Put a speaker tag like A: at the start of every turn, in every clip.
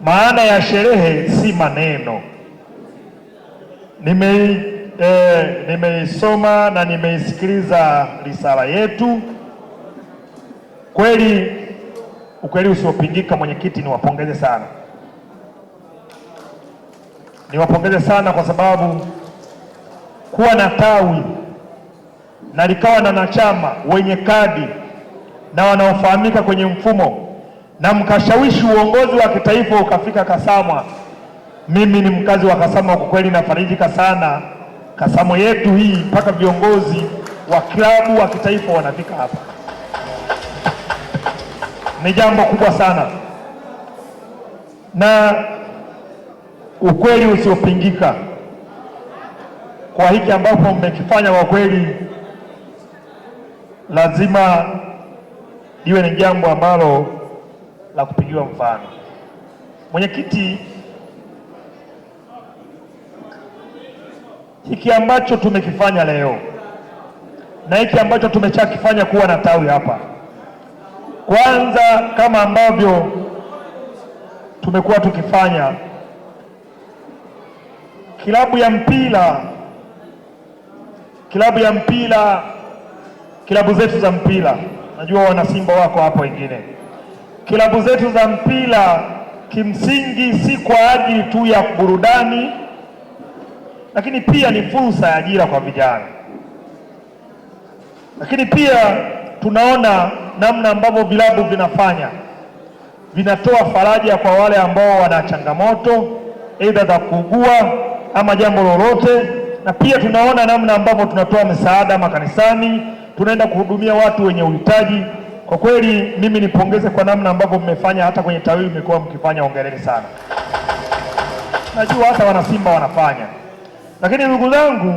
A: Maana ya sherehe si maneno. Nime eh, nimeisoma na nimeisikiliza risala yetu. Kweli, ukweli usiopingika, mwenyekiti, niwapongeze sana, niwapongeze sana kwa sababu kuwa na tawi na likawa na wanachama wenye kadi na wanaofahamika kwenye mfumo na mkashawishi uongozi wa kitaifa ukafika Kasamwa. Mimi ni mkazi wa Kasamwa, kwa kweli nafarijika sana. Kasamwa yetu hii mpaka viongozi wa klabu wa kitaifa wanafika hapa, ni jambo kubwa sana na ukweli usiopingika kwa hiki ambapo mmekifanya, kwa kweli lazima iwe ni jambo ambalo la kupigiwa mfano. Mwenyekiti, hiki ambacho tumekifanya leo na hiki ambacho tumeshakifanya kuwa na tawi hapa, kwanza kama ambavyo tumekuwa tukifanya, kilabu ya mpira kilabu ya mpira kilabu zetu za mpira, najua wana Simba wako hapo wengine Kilabu zetu za mpira kimsingi si kwa ajili tu ya burudani, lakini pia ni fursa ya ajira kwa vijana. Lakini pia tunaona namna ambavyo vilabu vinafanya, vinatoa faraja kwa wale ambao wana changamoto aidha za kuugua ama jambo lolote, na pia tunaona namna ambavyo tunatoa misaada makanisani, tunaenda kuhudumia watu wenye uhitaji. Kwa kweli mimi nipongeze kwa namna ambavyo mmefanya, hata kwenye tawili mmekuwa mkifanya, ongereni sana. Najua hata wanasimba wanafanya, lakini ndugu zangu,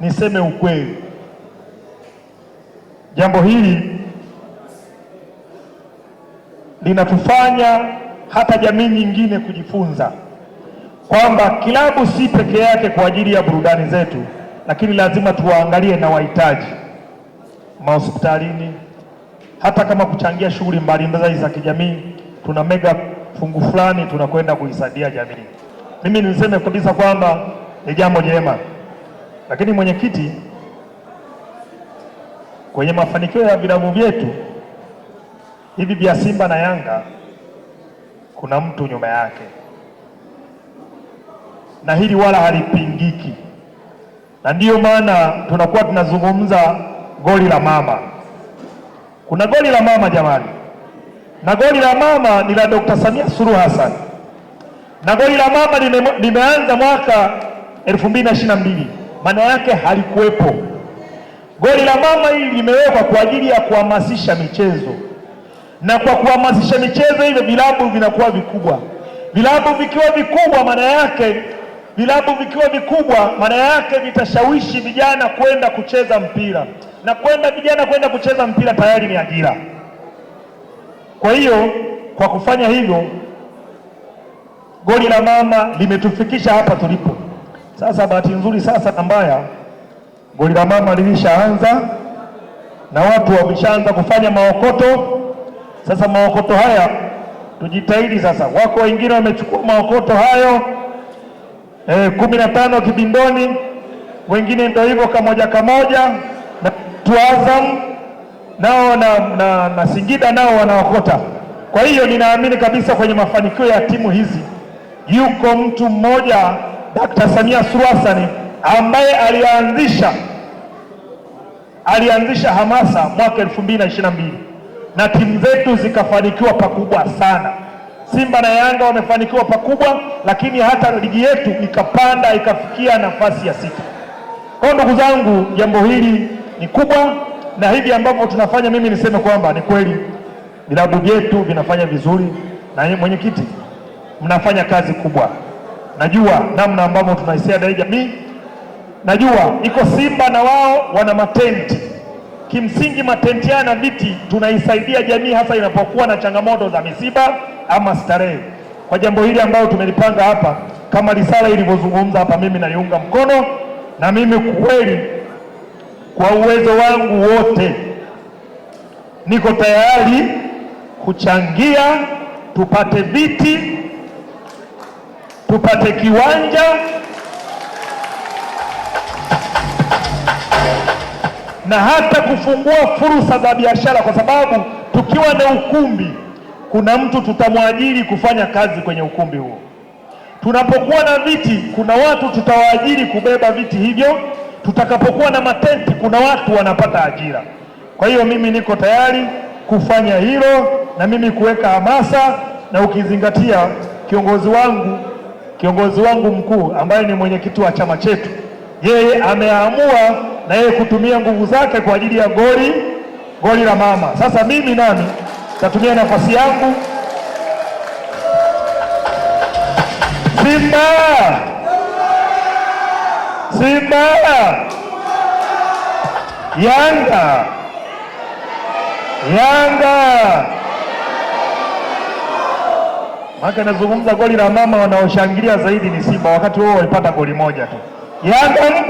A: niseme ukweli, jambo hili linatufanya hata jamii nyingine kujifunza kwamba kilabu si peke yake kwa ajili ya burudani zetu, lakini lazima tuwaangalie na wahitaji mahospitalini, hata kama kuchangia shughuli mbalimbali za kijamii. Tuna mega fungu fulani tunakwenda kuisaidia jamii. Mimi niseme kabisa kwamba ni jambo jema, lakini mwenyekiti, kwenye mafanikio ya vilabu vyetu hivi vya Simba na Yanga kuna mtu nyuma yake, na hili wala halipingiki, na ndiyo maana tunakuwa tunazungumza goli la mama. Kuna goli la mama jamani, na goli la mama ni la Dr. Samia Suluhu Hassan, na goli la mama limeanza mwaka 2022 maana yake halikuwepo. Goli la mama hili limewekwa kwa ajili ya kuhamasisha michezo, na kwa kuhamasisha michezo ile vilabu vinakuwa vikubwa. Vilabu vikiwa vikubwa, maana yake vilabu vikiwa vikubwa, maana yake vitashawishi vijana kwenda kucheza mpira na kwenda vijana kwenda kucheza mpira tayari ni ajira. Kwa hiyo kwa kufanya hivyo, goli la mama limetufikisha hapa tulipo sasa. Bahati nzuri sasa na mbaya, goli la mama lilishaanza na watu wameshaanza kufanya maokoto. Sasa maokoto haya tujitahidi sasa, wako wengine wamechukua maokoto hayo e, kumi na tano kibindoni, wengine ndio hivyo kamoja kamoja Tuazam nao na, na, na Singida nao wanaokota. Kwa hiyo ninaamini kabisa kwenye mafanikio ya timu hizi yuko mtu mmoja Dkt. Samia Suluhu Hassan ambaye alianzisha alianzisha hamasa mwaka elfu mbili na ishirini na mbili na timu zetu zikafanikiwa pakubwa sana. Simba na Yanga wamefanikiwa pakubwa, lakini hata ligi yetu ikapanda ikafikia nafasi ya sita. Kwa ndugu zangu, jambo hili ni kubwa, na hivi ambavyo tunafanya, mimi niseme kwamba ni kweli vilabu vyetu vinafanya vizuri, na mwenyekiti, mnafanya kazi kubwa. Najua namna ambavyo tunaisea dai jamii, najua iko Simba na wao wana matenti. Kimsingi, matenti haya na viti tunaisaidia jamii, hasa inapokuwa na changamoto za misiba ama starehe. Kwa jambo hili ambalo tumelipanga hapa, kama risala ilivyozungumza hapa, mimi naiunga mkono na mimi kweli kwa uwezo wangu wote niko tayari kuchangia tupate viti, tupate kiwanja na hata kufungua fursa za biashara, kwa sababu tukiwa na ukumbi, kuna mtu tutamwajiri kufanya kazi kwenye ukumbi huo. Tunapokuwa na viti, kuna watu tutawaajiri kubeba viti hivyo tutakapokuwa na matenti, kuna watu wanapata ajira. Kwa hiyo mimi niko tayari kufanya hilo na mimi kuweka hamasa, na ukizingatia kiongozi wangu kiongozi wangu mkuu ambaye ni mwenyekiti wa chama chetu, yeye ameamua na yeye kutumia nguvu zake kwa ajili ya goli goli la mama. Sasa mimi nami nitatumia nafasi yangu Simba Simba, Yanga, Yanga. Maka nazungumza goli la mama, wanaoshangilia zaidi ni Simba, wakati huo walipata goli moja tu. Yanga mpo?